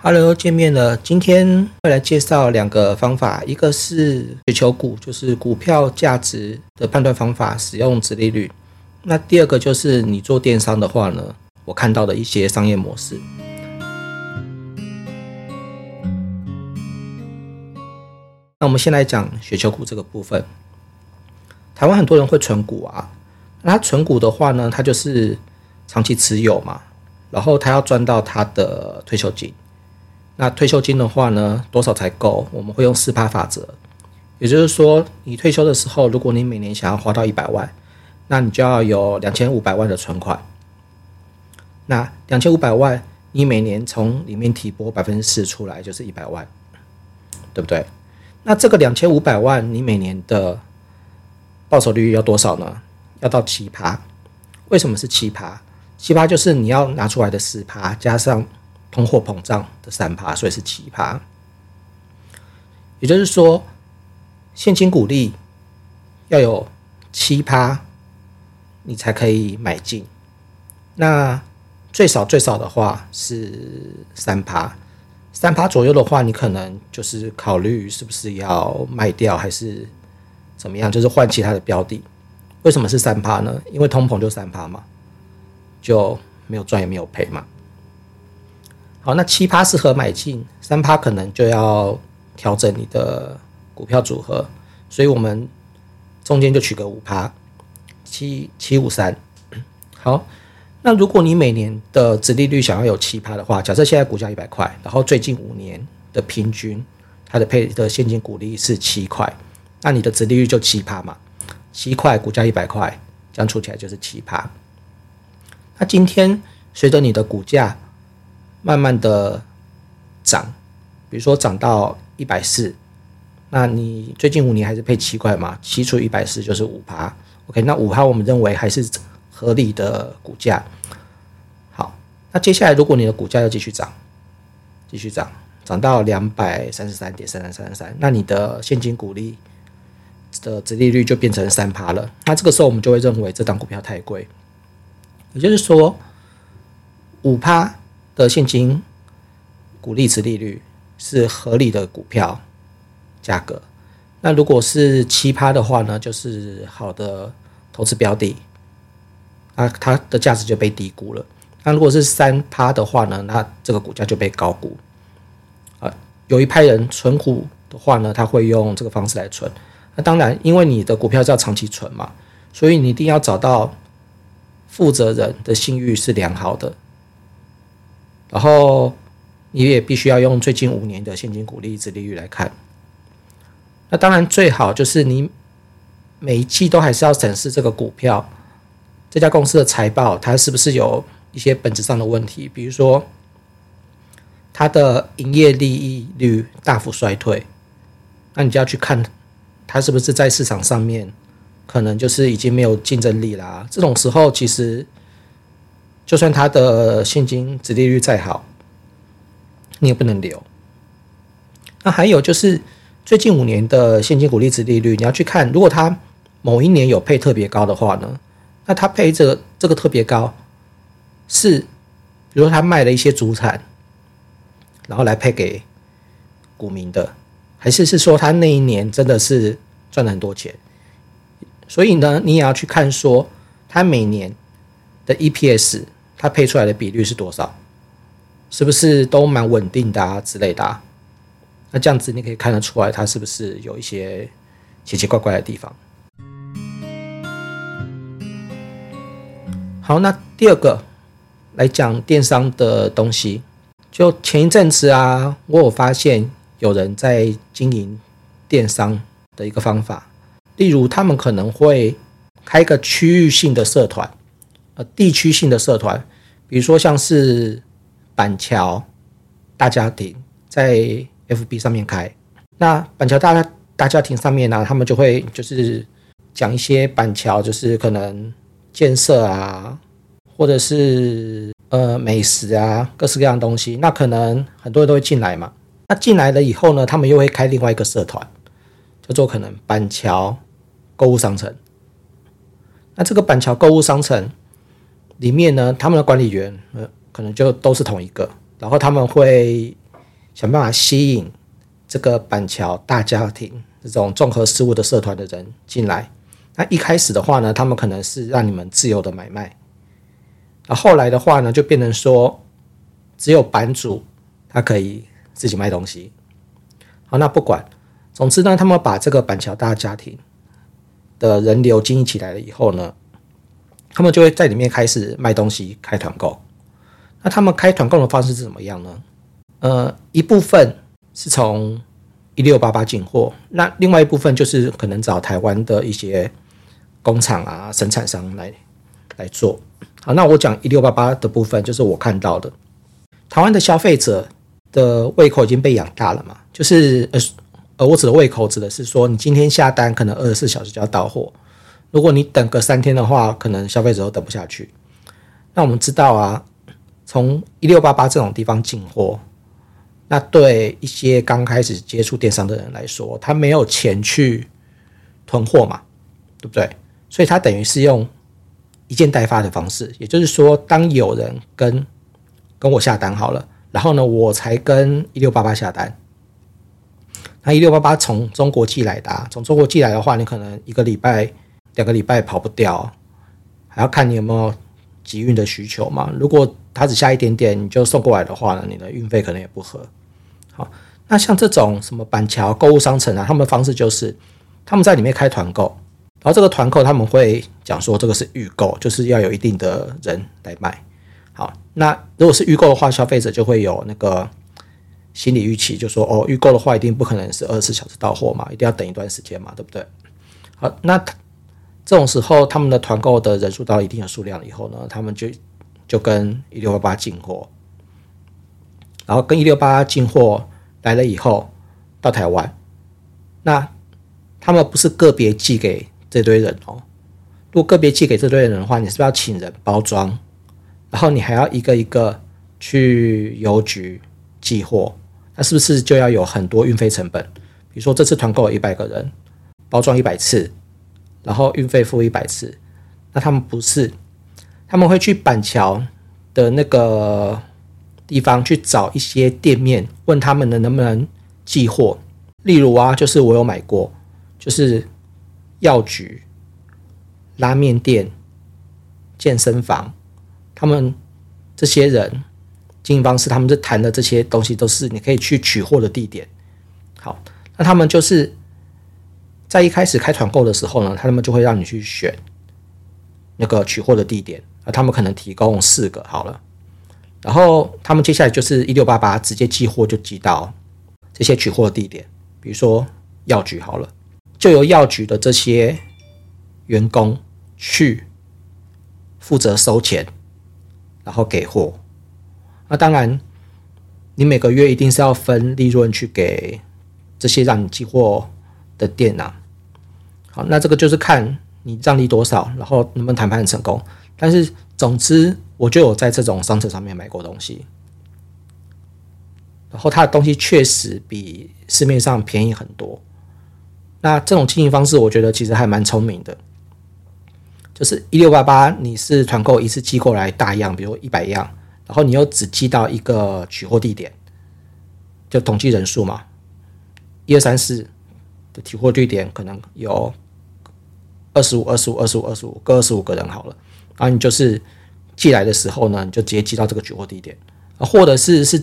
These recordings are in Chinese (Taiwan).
Hello，又見面了。今天會來介紹兩個方法，一個是雪球股，就是股票價值的判斷方法，使用殖利率。那第二個就是你做電商的話呢，我看到的一些商業模式。那我們先來講雪球股這個部分。台灣很多人會存股啊，那他存股的話呢，他就是長期持有嘛，然後他要賺到他的退休金。那退休金的話呢，多少才夠？我們會用四趴法則，也就是說，你退休的時候，如果你每年想要花到一百萬，那你就要有兩千五百萬的存款。那兩千五百萬，你每年從裡面提撥百分之四出來，就是一百萬，對不對？那這個兩千五百萬，你每年的報酬率要多少呢？要到七趴。為什麼是七趴？七趴就是你要拿出來的四趴加上。通貨膨脹的三趴，所以是七趴。也就是說，現金股利要有七趴，你才可以買進。那最少最少的話是三趴，三趴左右的話，你可能就是考慮是不是要賣掉，還是怎麼樣，就是換其他的標的。為什麼是三趴呢？因為通膨就三趴嘛，就沒有賺也沒有賠嘛。好，那七趴適合買進，三趴可能就要調整你的股票組合，所以我們中間就取個五趴，七七五三。好，那如果你每年的殖利率想要有七趴的話，假設現在股價一百塊，然後最近五年的平均它的配的現金股利是七塊，那你的殖利率就七趴嘛，七塊股價一百塊，這樣除起來就是七趴。那今天隨着你的股價。慢慢的漲，比如說漲到一百四，那你最近五年還是配七塊嘛，七除一百四就是五趴。OK，那五趴我們認為還是合理的股價。好，那接下來如果你的股價要繼續漲，繼續漲，漲到兩百三十三點三三三三，那你的現金股利的殖利率就變成三趴了。那這個時候我們就會認為這檔股票太貴，也就是說五趴。的現金股利殖利率是合理的股票價格。那如果是七趴的話呢，就是好的投資標的。啊，它的價值就被低估了。那如果是三趴的話呢，那這個股價就被高估。啊，有一派人存股的話呢，他會用這個方式來存。那當然，因為你的股票是要長期存嘛，所以你一定要找到負責人的信譽是良好的。然後你也必須要用最近五年的現金股利支付率來看。那當然最好就是你每一季都還是要審視這個股票，這家公司的財報，它是不是有一些本質上的問題？比如說它的營業利益率大幅衰退，那你就要去看它是不是在市場上面可能就是已經沒有競爭力啦、啊。這種時候其實。就算它的現金殖利率再好，你也不能留。那還有就是，最近五年的現金股利殖利率，你要去看，如果它某一年有配特別高的話呢，那它配這個這個特別高，是比如說它賣了一些資產，然後來配給股民的，還是是說它那一年真的是賺了很多錢？所以呢，你也要去看說它每年的 EPS。它配出來的比率是多少？是不是都蠻穩定的啊之類的啊？那這樣子你可以看得出來，它是不是有一些奇奇怪怪的地方。好，那第二個來講電商的東西。就前一陣子啊，我有發現有人在經營電商的一個方法，例如他們可能會開一個區域性的社團。呃，地區性的社團，比如說像是板橋大家庭在 FB 上面開，那板橋大家大家庭上面呢啊，他們就會就是講一些板橋就是可能建設啊，或者是呃美食啊，各式各樣的東西。那可能很多人都會進來嘛，那進來了以後呢，他們又會開另外一個社團，叫做可能板橋購物商城。那這個板橋購物商城，裡面呢，他們的管理員呃，可能就都是同一個，然後他們會想辦法吸引這個板橋大家庭這種綜合事務的社團的人進來。那一開始的話呢，他們可能是讓你們自由的買賣，啊，後來的話呢，就變成說只有版主他可以自己賣東西。好，那不管，總之呢，他們把這個板橋大家庭的人流經營起來了以後呢。他們就會在裡面開始賣東西，開團購。那他們開團購的方式是怎麼樣呢？呃，一部分是從一六八八進貨，那另外一部分就是可能找台灣的一些工廠啊、生產商來來做。好，那我講一六八八的部分就是我看到的，台灣的消費者的胃口已經被養大了嘛，就是呃我指的胃口指的是說，你今天下單，可能二十四小時就要到貨。如果你等個三天的話，可能消費者都等不下去。那我們知道啊，從一六八八這種地方進貨，那對一些剛開始接觸電商的人來說，他沒有錢去囤貨嘛，對不對？所以他等於是用一件代發的方式，也就是說，當有人跟跟我下單好了，然後呢，我才跟一六八八下單。那一六八八從中國寄來的，從中國寄來的話，你可能一個禮拜。兩個禮拜跑不掉，還要看你有沒有集運的需求嘛。如果他只下一點點，你就送過來的話呢，你的運費可能也不合。好，那像這種什麼板橋購物商城啊，他們的方式就是他們在裡面開團購，然後這個團購他們會講說這個是預購，就是要有一定的人來買。好，那如果是預購的話，消費者就會有那個心理預期就是，就說哦，預購的話一定不可能是二十四小時到貨嘛，一定要等一段時間嘛，對不對？好，那這種時候，他們的團購的人數到一定的數量以後呢，他們就就跟一六八八進貨，然後跟一六八八進貨來了以後到台灣，那他們不是個別寄給這堆人哦。如果個別寄給這堆人的話，你是不是要請人包裝？然後你還要一個一個去郵局寄貨？那是不是就要有很多運費成本？比如說這次團購一百個人，包裝一百次。然後運費付一百次，那他們不是，他們會去板橋的那個地方去找一些店面，問他們能不能寄貨。例如啊，就是我有買過，就是藥局、拉麵店、健身房，他們這些人經營方式，他們在談的這些東西，都是你可以去取貨的地點。好，那他們就是。在一開始開團購的時候呢，他們就會讓你去選那個取貨的地點，而他們可能提供四個好了，然後他們接下來就是1688直接寄貨就寄到這些取貨地點，比如說藥局好了，就由藥局的這些員工去負責收錢，然後給貨。那當然，你每個月一定是要分利潤去給這些讓你寄貨的店啊。那這個就是看你讓利多少，然後能不能談判成功。但是總之，我就有在這種商城上面買過東西，然後他的東西確實比市面上便宜很多。那這種經營方式，我覺得其實還蠻聰明的，就是一六八八，你是團購一次寄過來大樣，比如一百樣，然後你又只寄到一個取貨地點，就統計人數嘛，一二三四的取貨地點可能有。二十五、二十五、二十五、二十五，各二十五個人好了。然後你就是寄來的時候呢，你就直接寄到這個取貨地點，或者是是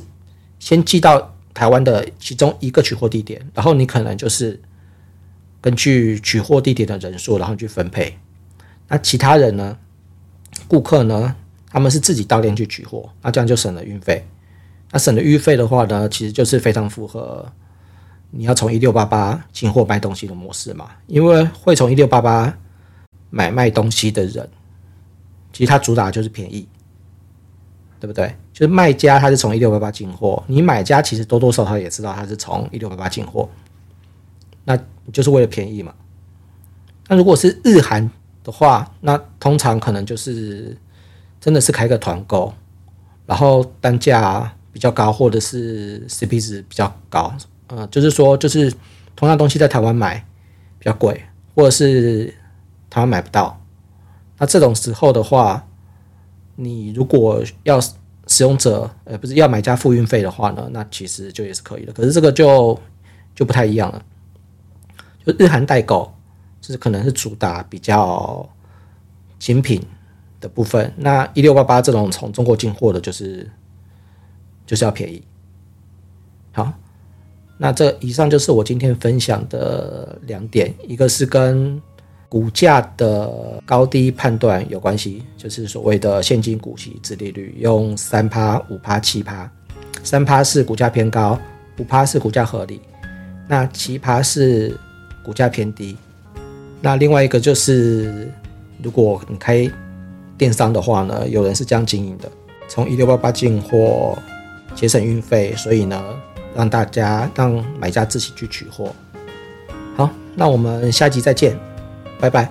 先寄到台灣的其中一個取貨地點，然後你可能就是根據取貨地點的人數，然後去分配。那其他人呢，顧客呢，他們是自己到店去取貨，那這樣就省了運費。那省了運費的話呢，其實就是非常符合。你要從一六八八進貨賣東西的模式嘛？因為會從一六八八買賣東西的人，其實他主打就是便宜，對不對？就是賣家他是從一六八八進貨，你買家其實多多少少他也知道他是從一六八八進貨，那就是為了便宜嘛。那如果是日韓的話，那通常可能就是真的是開個團購，然後單價比較高，或者是 CP 值比較高。呃、嗯，就是說，就是同樣東西在台灣買比較貴，或者是台灣買不到，那這種時候的話，你如果要使用者，呃，不是要買家付運費的話呢，那其實就也是可以的。可是這個就就不太一樣了，就日韓代購，就是可能是主打比較精品的部分，那一六八八這種從中國進貨的，就是就是要便宜，好。那這以上就是我今天分享的兩點，一個是跟股價的高低判斷有關係，就是所謂的現金股息、殖利率，用三趴、五趴、七趴，三趴是股價偏高，五趴是股價合理，那七趴是股價偏低。那另外一個就是，如果你開電商的話呢，有人是這樣經營的，從一六八八進貨，節省運費，所以呢。讓大家，讓買家自己去取貨。好，那我們下集再見，拜拜。